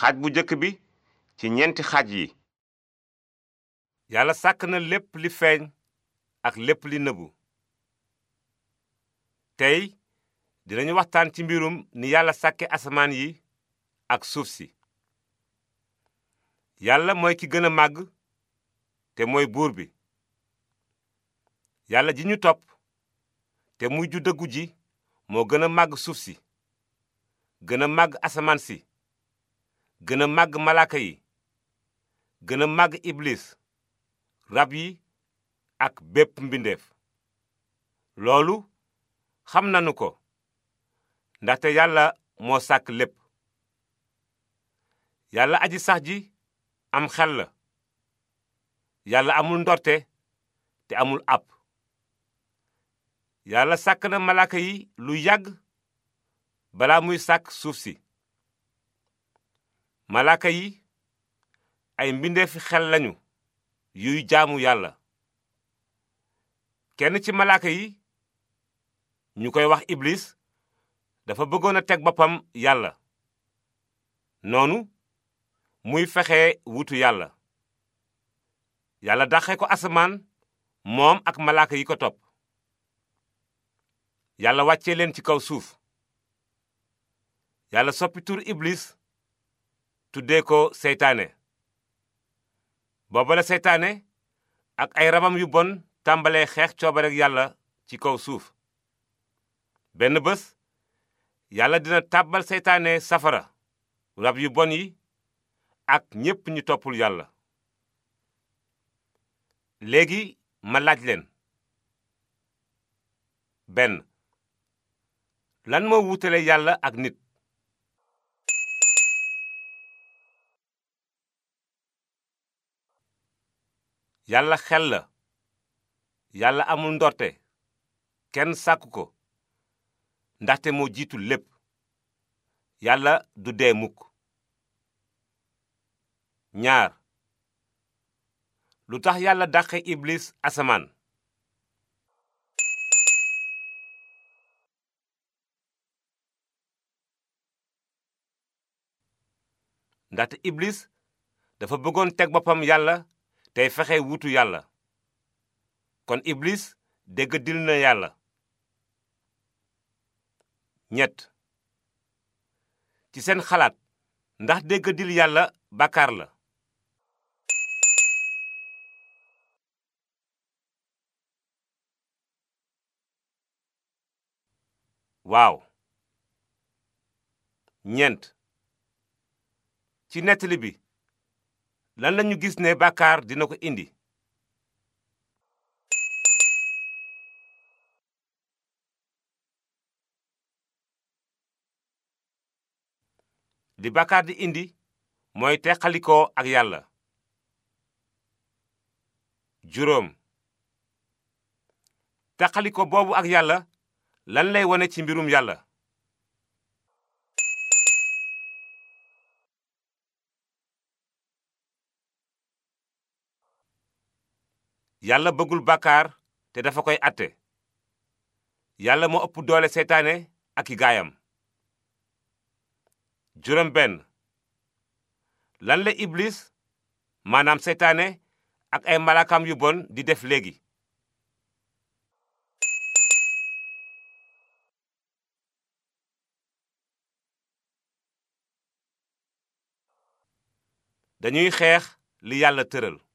xaaj bu njëkk bi ci ñeenti xaaj yi yàlla sàkk na lépp li feeñ ak lépp li nëbbu tey dinañu waxtaan ci mbirum ni yàlla sàkke asamaan yi ak suuf si yàlla mooy ki gën a màgg te mooy buur bi yàlla ji ñu topp te mujj ju dëggu ji moo gën a màgg suuf si gën a màgg asamaan si gën a màgg malaaka yi gën a màgg iblis rab yi ak bépp mbindeef loolu xam nanu ko ndaxte yàlla moo sàkk lépp yàlla aji sax ji am xel la yàlla amul ndorte te amul àpp yàlla sàkk na malaaka yi lu yàgg balaa muy sàkk suuf si malaaka yi ay mbindeefi xel lañu yuy jaamu yàlla kenn ci malaaka yi ñu koy wax iblis dafa bëggoon a teg boppam yàlla noonu muy fexe wutu yàlla yàlla daxe ko asmaan moom ak malaaka yi ko topp yàlla wàcce leen ci kaw suuf yàlla soppi tur iblis tuddee ko seytaane booba la seytaane ak ay rabam yu bon tàmbalee xeex coobarek yàlla ci kaw suuf benn bés yàlla dina tàbbal seytaane safara rab yu bon yi ak ñépp ñu toppul yàlla léegi ma laaj leen benn lan moo wuutale yàlla ak nit yàlla xel la yàlla amul ndorte kenn sàkku ko ndaxte moo jiitu lépp yàlla du dee mukk ñaar lu tax yàlla dàqe iblis asamaan ndaxte iblis dafa bëggoon teg boppam yàlla tey fexe wutu yàlla kon iblis déggadil na yàlla ñett ci seen xalaat ndax déggadil yàlla bàkkaar la waaw ñent ci nettali bi lan lañu gis ne bàkkaar dina ko indi li bàkkaar di indi mooy teqalikoo ak yàlla juróom teqaliko boobu ak yàlla lan lay wone ci mbirum yàlla yàlla bëggul bàkkaar te dafa koy atte yàlla moo ëpp doole seytaane ak i gaayam juróom benn maanaam seytaane ak ay malakam yu bon di def léegi dañuy xeex li yàlla tëral